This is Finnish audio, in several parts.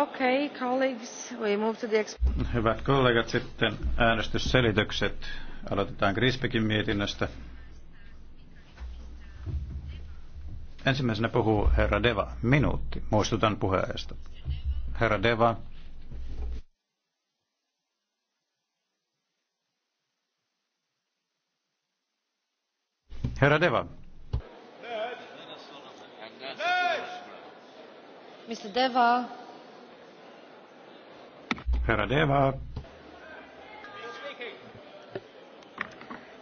Okay, colleagues, we move to the... Hyvät kollegat, sitten äänestysselitykset. Aloitetaan Grisbekin mietinnöstä. Ensimmäisenä puhuu herra Deva. Minuutti. Muistutan puheajasta. Herra Deva, Herra Deva. Mr. Deva. Herra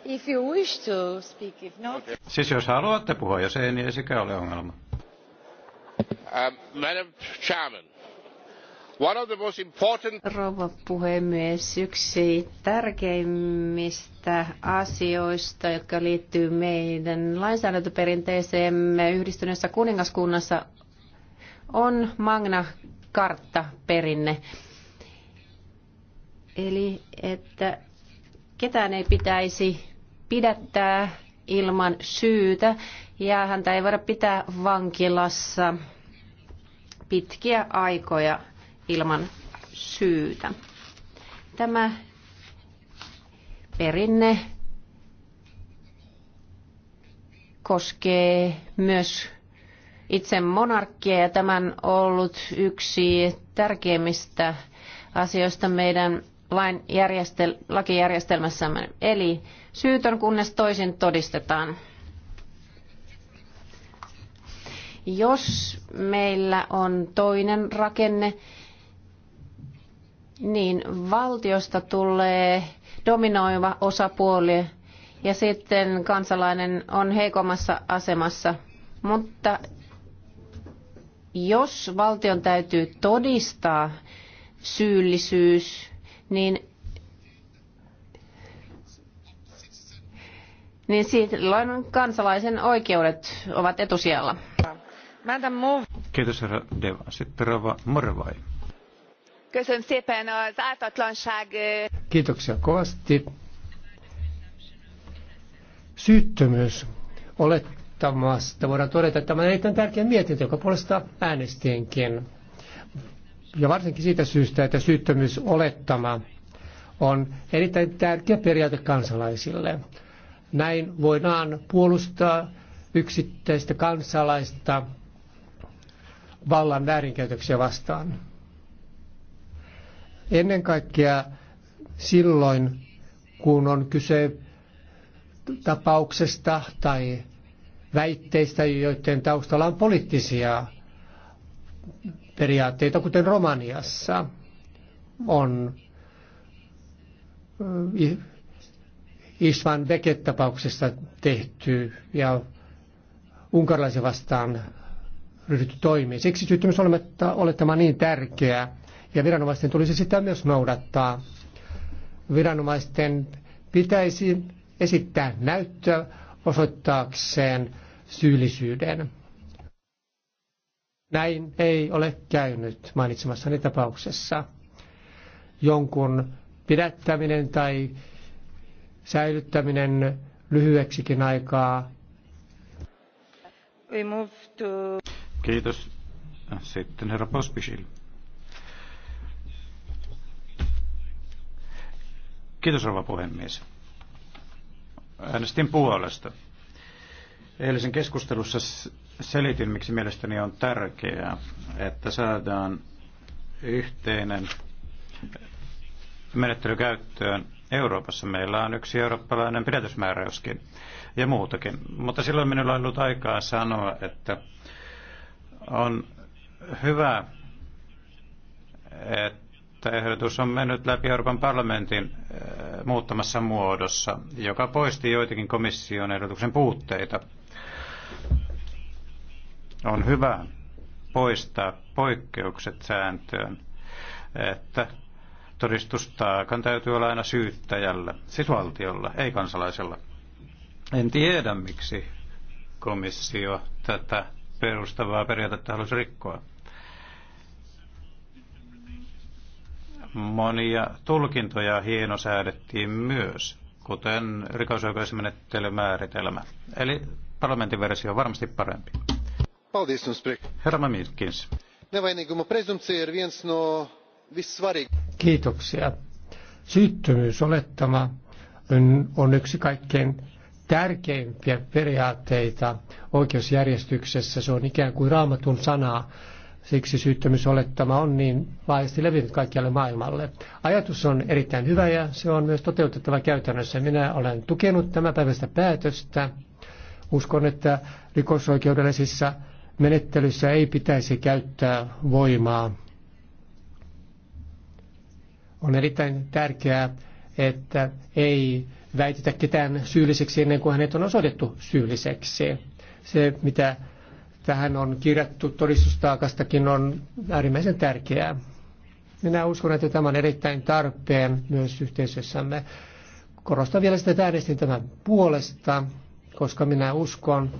If you wish to speak, if not... Siis jos haluatte puhua, jos ei, niin ei sekä ole ongelma. Uh, Madam Chairman, Rouva puhemies, yksi tärkeimmistä asioista, jotka liittyy meidän lainsäädäntöperinteeseemme yhdistyneessä kuningaskunnassa, on Magna carta perinne Eli että ketään ei pitäisi pidättää ilman syytä ja häntä ei voida pitää vankilassa pitkiä aikoja ilman syytä. Tämä perinne koskee myös itse monarkkia ja tämän ollut yksi tärkeimmistä asioista meidän lain järjestel, lakijärjestelmässämme. Eli syytön kunnes toisin todistetaan. Jos meillä on toinen rakenne, niin valtiosta tulee dominoiva osapuoli ja sitten kansalainen on heikommassa asemassa. Mutta jos valtion täytyy todistaa syyllisyys, niin, niin silloin kansalaisen oikeudet ovat etusijalla. Kiitos herra Deva. Sitten rava Morvai. Kiitoksia kovasti. Syyttömyys olettamasta voidaan todeta, että tämä on erittäin tärkeä mietintö, joka puolesta äänestienkin ja varsinkin siitä syystä, että syyttömyysolettama on erittäin tärkeä periaate kansalaisille. Näin voidaan puolustaa yksittäistä kansalaista vallan väärinkäytöksiä vastaan. Ennen kaikkea silloin, kun on kyse tapauksesta tai väitteistä, joiden taustalla on poliittisia periaatteita, kuten Romaniassa on Istvan Beket-tapauksessa tehty ja unkarilaisen vastaan ryhdytty toimiin. Siksi syyttömyys on niin tärkeä ja viranomaisten tulisi sitä myös noudattaa. Viranomaisten pitäisi esittää näyttöä osoittaakseen syyllisyyden. Näin ei ole käynyt mainitsemassani tapauksessa. Jonkun pidättäminen tai säilyttäminen lyhyeksikin aikaa. Kiitos. Sitten herra Pospisil. Kiitos rouva puhemies. Äänestin puolesta. Eilisen keskustelussa Selitin, miksi mielestäni on tärkeää, että saadaan yhteinen menettely käyttöön Euroopassa. Meillä on yksi eurooppalainen pidätysmääräyskin ja muutakin. Mutta silloin minulla on ollut aikaa sanoa, että on hyvä, että ehdotus on mennyt läpi Euroopan parlamentin eh, muuttamassa muodossa, joka poisti joitakin komission ehdotuksen puutteita on hyvä poistaa poikkeukset sääntöön, että todistustaakan täytyy olla aina syyttäjällä, siis valtiolla, ei kansalaisella. En tiedä, miksi komissio tätä perustavaa periaatetta halusi rikkoa. Monia tulkintoja hienosäädettiin myös, kuten rikosoikeusmenettelymääritelmä. Eli parlamentin versio on varmasti parempi. Paldies jums, Hermamirkins. Nevainīguma ir viens no vissvarīgākajiem. Kiitoksia. Syyttömyysolettama on yksi kaikkein tärkeimpiä periaatteita oikeusjärjestyksessä. Se on ikään kuin raamatun sanaa. Siksi syyttömyysolettama on niin laajasti levinnyt kaikkialle maailmalle. Ajatus on erittäin hyvä ja se on myös toteutettava käytännössä. Minä olen tukenut tämän päivästä päätöstä. Uskon, että rikosoikeudellisissa menettelyssä ei pitäisi käyttää voimaa. On erittäin tärkeää, että ei väitetä ketään syylliseksi ennen kuin hänet on osoitettu syylliseksi. Se, mitä tähän on kirjattu todistustaakastakin, on äärimmäisen tärkeää. Minä uskon, että tämä on erittäin tarpeen myös yhteisössämme. Korostan vielä sitä, että äänestin tämän puolesta, koska minä uskon,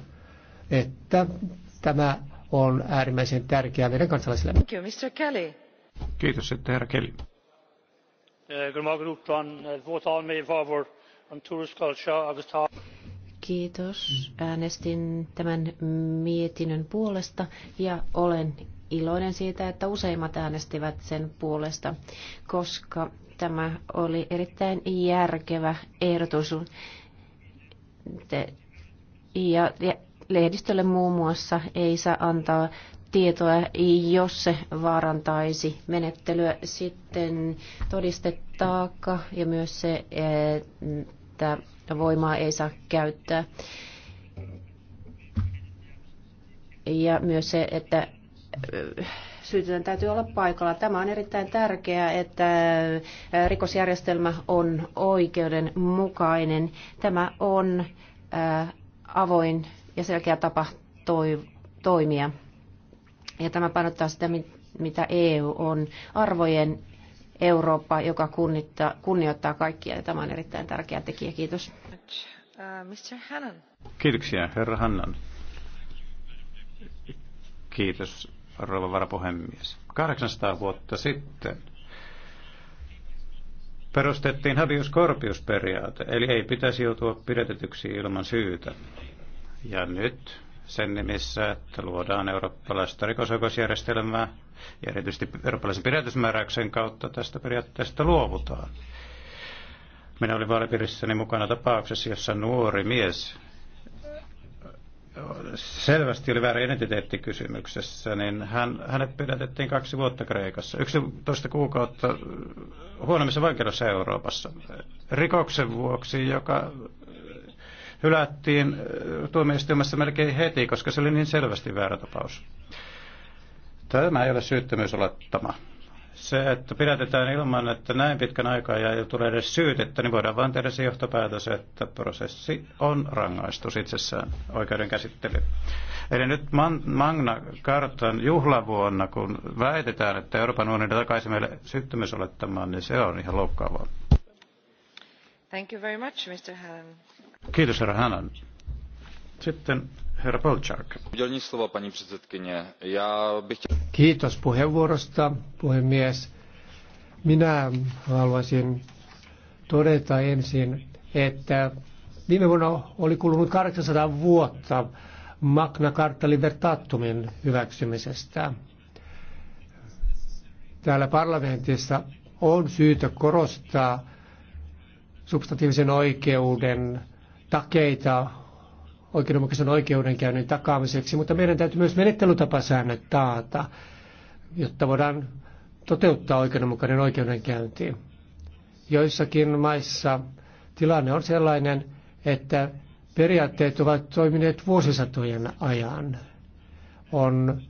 että Tämä on äärimmäisen tärkeää meidän kansalaisille. Thank you, Mr. Kelly. Kiitos, herra Kelly. Kiitos. Äänestin tämän mietinnön puolesta ja olen iloinen siitä, että useimmat äänestivät sen puolesta, koska tämä oli erittäin järkevä ehdotus. Ja, ja lehdistölle muun muassa ei saa antaa tietoa, jos se vaarantaisi menettelyä. Sitten todistetaakka ja myös se, että voimaa ei saa käyttää. Ja myös se, että syytetään täytyy olla paikalla. Tämä on erittäin tärkeää, että rikosjärjestelmä on oikeudenmukainen. Tämä on avoin ja selkeä tapa toi, toimia. Ja tämä painottaa sitä, mitä EU on, arvojen Eurooppa, joka kunnittaa, kunnioittaa kaikkia, ja tämä on erittäin tärkeä tekijä. Kiitos. Mr. Hannan. Kiitoksia, herra Hannan. Kiitos, rouva varapuhemies. 800 vuotta sitten perustettiin habeus corpus periaate, eli ei pitäisi joutua pidetetyksi ilman syytä. Ja nyt sen nimissä, että luodaan eurooppalaista rikosoikeusjärjestelmää ja erityisesti eurooppalaisen pidätysmääräyksen kautta tästä periaatteesta luovutaan. Minä olin vaalipiirissäni mukana tapauksessa, jossa nuori mies selvästi oli väärä identiteettikysymyksessä, niin hän, hänet pidätettiin kaksi vuotta Kreikassa. 11 kuukautta huonommissa vankilassa Euroopassa. Rikoksen vuoksi, joka hylättiin äh, tuomioistuimessa melkein heti, koska se oli niin selvästi väärä tapaus. Tämä ei ole syyttömyysolettama. Se, että pidätetään ilman, että näin pitkän aikaa ja ei tule edes syytettä, niin voidaan vain tehdä se johtopäätös, että prosessi on rangaistus itsessään oikeuden käsittely. Eli nyt Magna Kartan juhlavuonna, kun väitetään, että Euroopan unioni takaisi meille syyttömyysolettamaan, niin se on ihan loukkaavaa. Thank you very much, Mr. Kiitos, herra Hanan. Sitten herra Polchak. Kiitos puheenvuorosta, puhemies. Minä haluaisin todeta ensin, että viime vuonna oli kulunut 800 vuotta Magna Carta Libertatumin hyväksymisestä. Täällä parlamentissa on syytä korostaa substantiivisen oikeuden takeita oikeudenmukaisen oikeudenkäynnin takaamiseksi, mutta meidän täytyy myös menettelytapasäännöt taata, jotta voidaan toteuttaa oikeudenmukainen oikeudenkäynti. Joissakin maissa tilanne on sellainen, että periaatteet ovat toimineet vuosisatojen ajan. On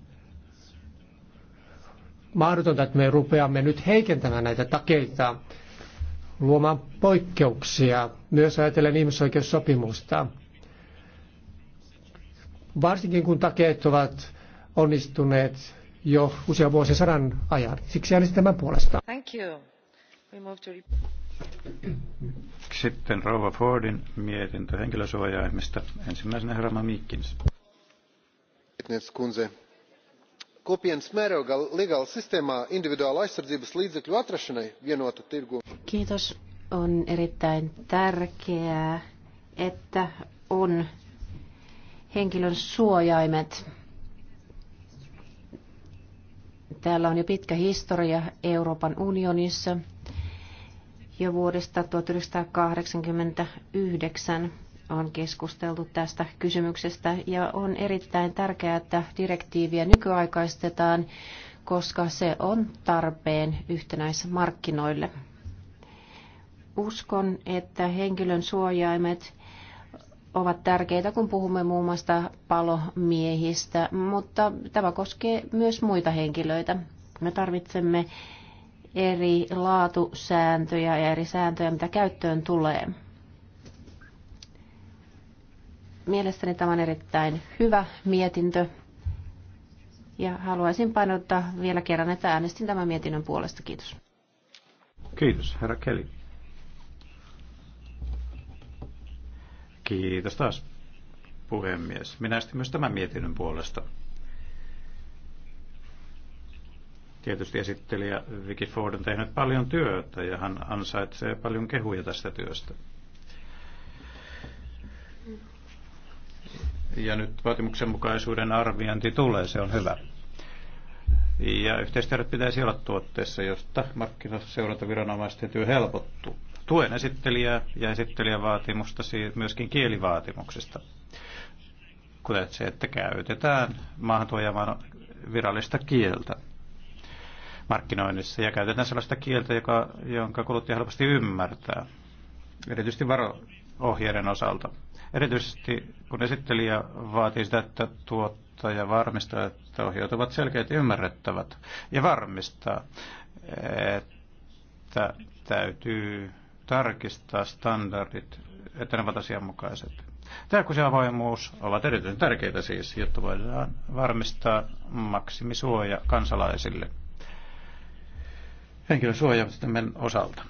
mahdotonta, että me rupeamme nyt heikentämään näitä takeita luomaan poikkeuksia, myös ajatellen ihmisoikeussopimusta. Varsinkin kun takeet ovat onnistuneet jo usean vuosisadan ajan. Siksi äänestin tämän puolesta. Thank you. We move to... Sitten Rova Fordin mietintö henkilösuojaimista. Ensimmäisenä herra Mikkins kopienas mēroga legāli sistēmā individuālu aizsardzības līdzekļu atrašanai vienota tirgu. Kiitos. On erittäin tärkeää, että on henkilön suojaimet. Täällä on jo pitkä historia Euroopan unionissa jo vuodesta 1989 on keskusteltu tästä kysymyksestä ja on erittäin tärkeää, että direktiiviä nykyaikaistetaan, koska se on tarpeen yhtenäismarkkinoille. Uskon, että henkilön suojaimet ovat tärkeitä, kun puhumme muun muassa palomiehistä, mutta tämä koskee myös muita henkilöitä. Me tarvitsemme eri laatusääntöjä ja eri sääntöjä, mitä käyttöön tulee. Mielestäni tämä on erittäin hyvä mietintö ja haluaisin painottaa vielä kerran, että äänestin tämän mietinnön puolesta. Kiitos. Kiitos, herra Kelly. Kiitos taas, puhemies. Minä äänestin myös tämän mietinnön puolesta. Tietysti esittelijä Vicky Ford on tehnyt paljon työtä ja hän ansaitsee paljon kehuja tästä työstä. ja nyt vaatimuksenmukaisuuden arviointi tulee, se on hyvä. Ja yhteistyöt pitäisi olla tuotteessa, josta markkinaseurantaviranomaisten työ helpottuu. Tuen esittelijää ja esittelijän vaatimusta myöskin kielivaatimuksesta, kuten se, että käytetään maahantuojaamaan virallista kieltä markkinoinnissa ja käytetään sellaista kieltä, joka, jonka kuluttaja helposti ymmärtää, erityisesti varo-ohjeiden osalta. Erityisesti kun esittelijä vaatii sitä, että tuottaja varmistaa, että ohjeet ovat selkeät ja ymmärrettävät ja varmistaa, että täytyy tarkistaa standardit, että ne ovat asianmukaiset. Tämä ja avoimuus ovat erityisen tärkeitä siis, jotta voidaan varmistaa maksimisuoja kansalaisille henkilön suojaamisen osalta.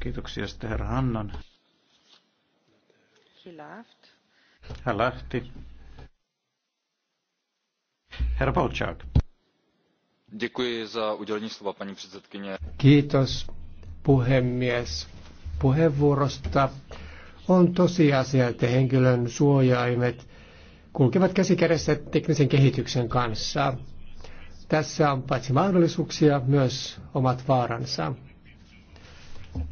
Kiitoksia sitten herra Hannan. He left. Hän lähti. Herra Polčák. Děkuji za udělení slova, paní předsedkyně. Kiitos, puhemies, puheenvuorosta. On tosiasia, että henkilön suojaimet kulkevat käsikädessä teknisen kehityksen kanssa. Tässä on paitsi mahdollisuuksia, myös omat vaaransa.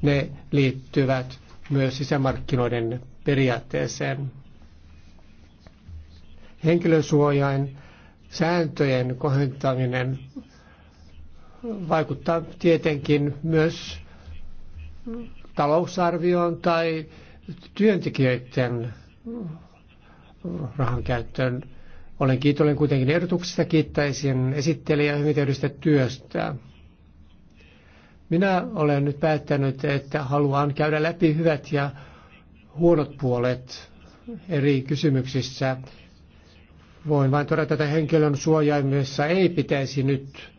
Ne liittyvät myös sisämarkkinoiden periaatteeseen. Henkilösuojain sääntöjen kohentaminen vaikuttaa tietenkin myös talousarvioon tai työntekijöiden rahan käyttöön. Olen kiitollinen kuitenkin ehdotuksesta, kiittäisin esittelijää hyvin työstä. Minä olen nyt päättänyt, että haluan käydä läpi hyvät ja huonot puolet eri kysymyksissä. Voin vain todeta, että henkilön suojaimessa ei pitäisi nyt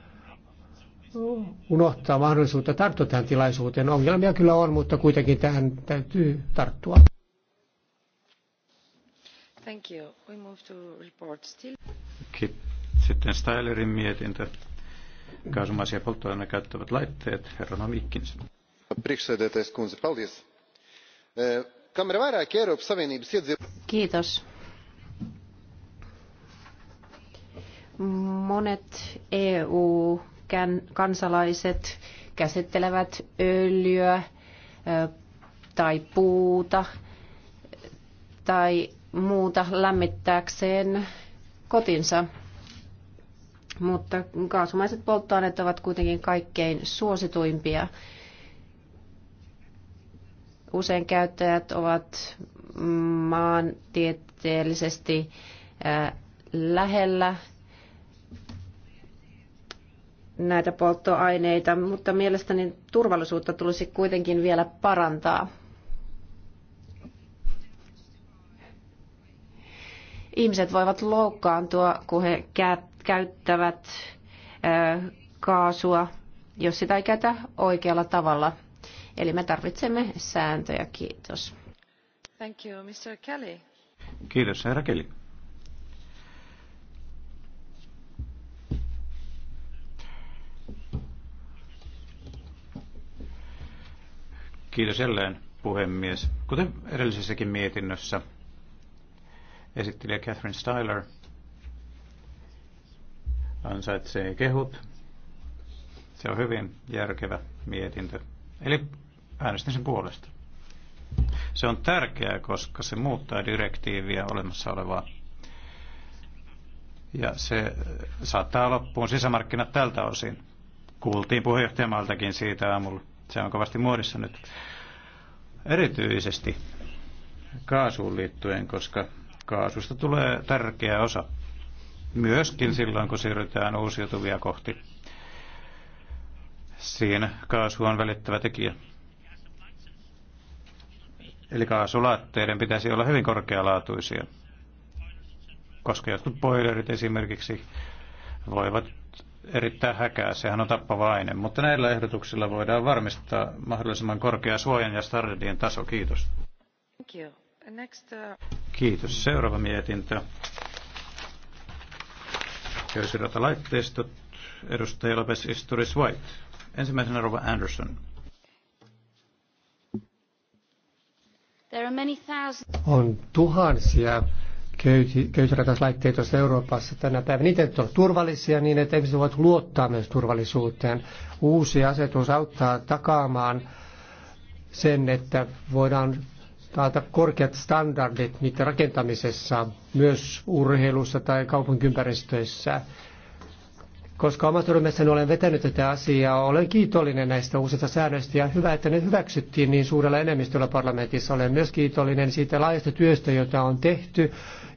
unohtaa mahdollisuutta tarttua tähän tilaisuuteen. Ongelmia kyllä on, mutta kuitenkin tähän täytyy tarttua. Thank you. We move to report still. Sitten Stylerin mietintö kaasumaisia polttoaineita käyttävät laitteet. Herra Novikkins. E, Kiitos. Monet EU-kansalaiset käsittelevät öljyä e, tai puuta tai muuta lämmittääkseen kotinsa mutta kaasumaiset polttoaineet ovat kuitenkin kaikkein suosituimpia. Usein käyttäjät ovat maantieteellisesti lähellä näitä polttoaineita, mutta mielestäni turvallisuutta tulisi kuitenkin vielä parantaa. Ihmiset voivat loukkaantua, kun he käyttävät kaasua, jos sitä ei käytä oikealla tavalla. Eli me tarvitsemme sääntöjä. Kiitos. Thank you, Mr. Kelly. Kiitos, herra Kelly. Kiitos jälleen, puhemies. Kuten edellisessäkin mietinnössä, esittelijä Catherine Styler – ansaitsee kehut. Se on hyvin järkevä mietintö. Eli äänestin sen puolesta. Se on tärkeää, koska se muuttaa direktiiviä olemassa olevaa. Ja se saattaa loppuun sisämarkkinat tältä osin. Kuultiin puheenjohtajamaltakin siitä aamulla. Se on kovasti muodissa nyt. Erityisesti kaasuun liittyen, koska kaasusta tulee tärkeä osa myöskin silloin, kun siirrytään uusiutuvia kohti. Siinä kaasu on välittävä tekijä. Eli kaasulaatteiden pitäisi olla hyvin korkealaatuisia, koska jotkut boilerit esimerkiksi voivat erittäin häkää, sehän on tappava aine. Mutta näillä ehdotuksilla voidaan varmistaa mahdollisimman korkea suojan ja standardien taso. Kiitos. Uh, Kiitos. Seuraava mietintö köysiratalaitteistot. Edustaja Lopes Isturis White. Ensimmäisenä Rova Anderson. There are many thousand... On tuhansia köysiratalaitteita Euroopassa tänä päivänä. Niitä on turvallisia niin, että ihmiset voivat luottaa myös turvallisuuteen. Uusi asetus auttaa takaamaan sen, että voidaan taata korkeat standardit niiden rakentamisessa, myös urheilussa tai kaupunkiympäristöissä. Koska omassa ryhmässäni olen vetänyt tätä asiaa, olen kiitollinen näistä uusista säännöistä ja hyvä, että ne hyväksyttiin niin suurella enemmistöllä parlamentissa. Olen myös kiitollinen siitä laajasta työstä, jota on tehty,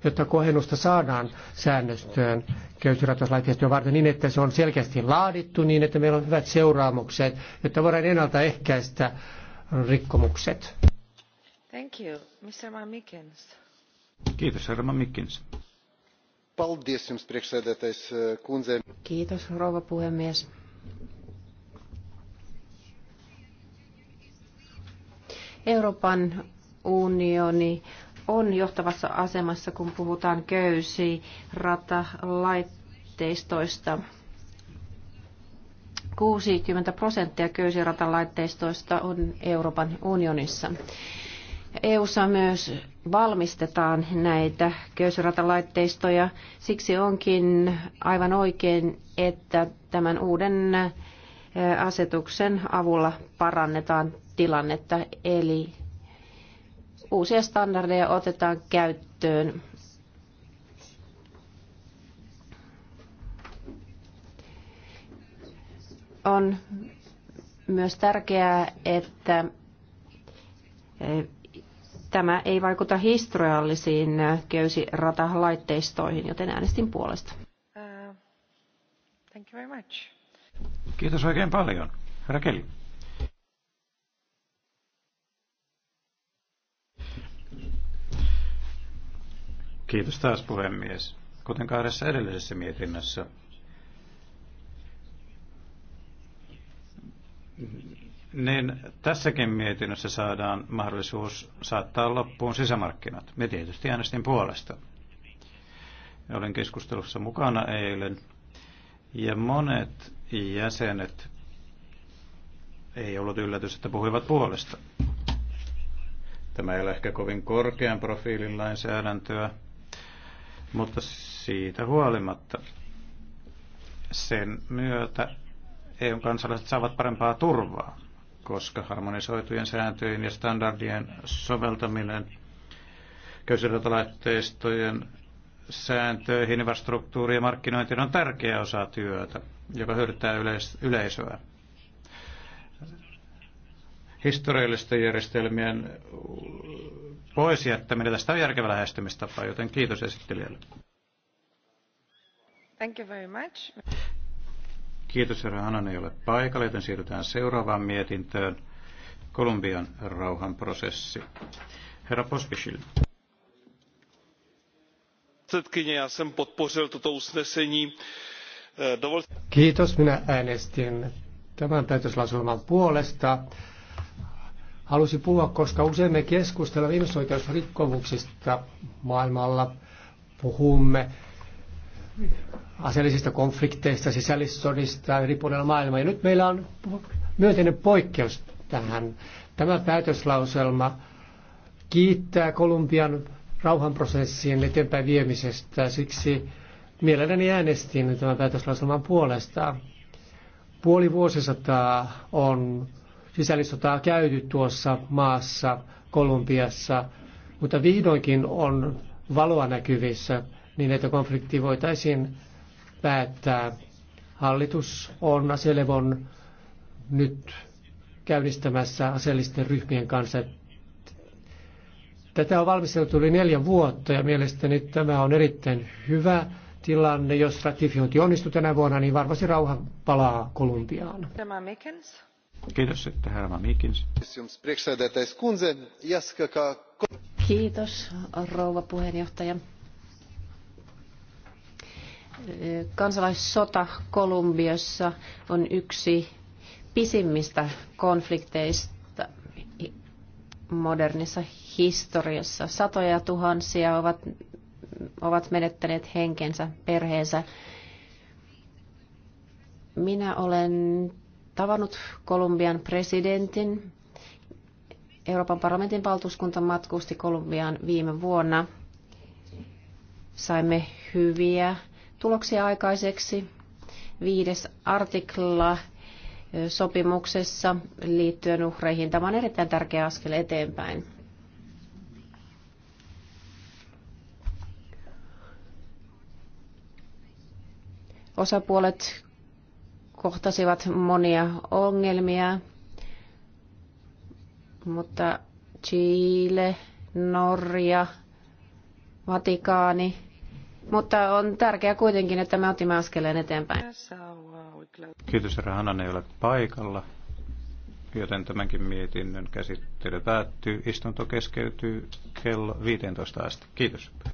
jotta kohennusta saadaan säännöstöön köysiratoslaitteistoa varten niin, että se on selkeästi laadittu niin, että meillä on hyvät seuraamukset, jotta voidaan ennaltaehkäistä rikkomukset. Thank Kiitos, herra eh, Kiitos, rouva puhemies. Euroopan unioni on johtavassa asemassa, kun puhutaan köysi ratalaitteistoista. 60 prosenttia köysiratalaitteistoista on Euroopan unionissa. EU:ssa myös valmistetaan näitä köysiratalaitteistoja. Siksi onkin aivan oikein, että tämän uuden asetuksen avulla parannetaan tilannetta, eli uusia standardeja otetaan käyttöön. On myös tärkeää, että Tämä ei vaikuta historiallisiin köysiratalaitteistoihin, joten äänestin puolesta. Uh, thank you very much. Kiitos oikein paljon. Rakeli. Kiitos taas puhemies. Kuten kahdessa edellisessä mietinnössä, niin tässäkin mietinnössä saadaan mahdollisuus saattaa loppuun sisämarkkinat. Me tietysti äänestin puolesta. Olen keskustelussa mukana eilen ja monet jäsenet ei ollut yllätys, että puhuivat puolesta. Tämä ei ole ehkä kovin korkean profiilin lainsäädäntöä, mutta siitä huolimatta sen myötä EUn kansalaiset saavat parempaa turvaa koska harmonisoitujen sääntöjen ja standardien soveltaminen köysirautalaitteistojen sääntöihin, infrastruktuuriin ja markkinointiin on tärkeä osa työtä, joka hyödyttää yleis- yleisöä. Historiallisten järjestelmien pois jättäminen tästä on järkevä lähestymistapa, joten kiitos esittelijälle. Thank you very much. Kiitos, herra Hanan ei ole paikalla, joten siirrytään seuraavaan mietintöön. Kolumbian rauhanprosessi. Herra Pospisil. Eh, dovol... Kiitos, minä äänestin tämän päätöslauselman puolesta. Halusin puhua, koska usein me keskustelemme ihmisoikeusrikkomuksista maailmalla. Puhumme aseellisista konflikteista, sisällissodista eri puolilla maailmaa. Ja nyt meillä on myönteinen poikkeus tähän. Tämä päätöslauselma kiittää Kolumbian rauhanprosessien eteenpäin viemisestä. Siksi mielelläni äänestin tämän päätöslauselman puolesta. Puoli vuosisataa on sisällissotaa käyty tuossa maassa, Kolumbiassa, mutta vihdoinkin on valoa näkyvissä niin että konflikti voitaisiin päättää. Hallitus on aselevon nyt käynnistämässä aseellisten ryhmien kanssa. Tätä on valmisteltu yli neljä vuotta ja mielestäni tämä on erittäin hyvä tilanne. Jos ratifiointi onnistuu tänä vuonna, niin varmasti rauha palaa Kolumbiaan. Tämä Mikens. Kiitos että herra Mikens. Kiitos, rouva puheenjohtaja. Kansalaissota Kolumbiassa on yksi pisimmistä konflikteista modernissa historiassa. Satoja tuhansia ovat, ovat menettäneet henkensä, perheensä. Minä olen tavannut Kolumbian presidentin. Euroopan parlamentin valtuuskunta matkusti Kolumbiaan viime vuonna. Saimme hyviä tuloksia aikaiseksi. Viides artikla sopimuksessa liittyen uhreihin. Tämä on erittäin tärkeä askel eteenpäin. Osapuolet kohtasivat monia ongelmia, mutta Chile, Norja, Vatikaani mutta on tärkeää kuitenkin, että me otimme askeleen eteenpäin. Kiitos, Hanan ei ole paikalla, joten tämänkin mietinnön käsittely päättyy. Istunto keskeytyy kello 15 asti. Kiitos.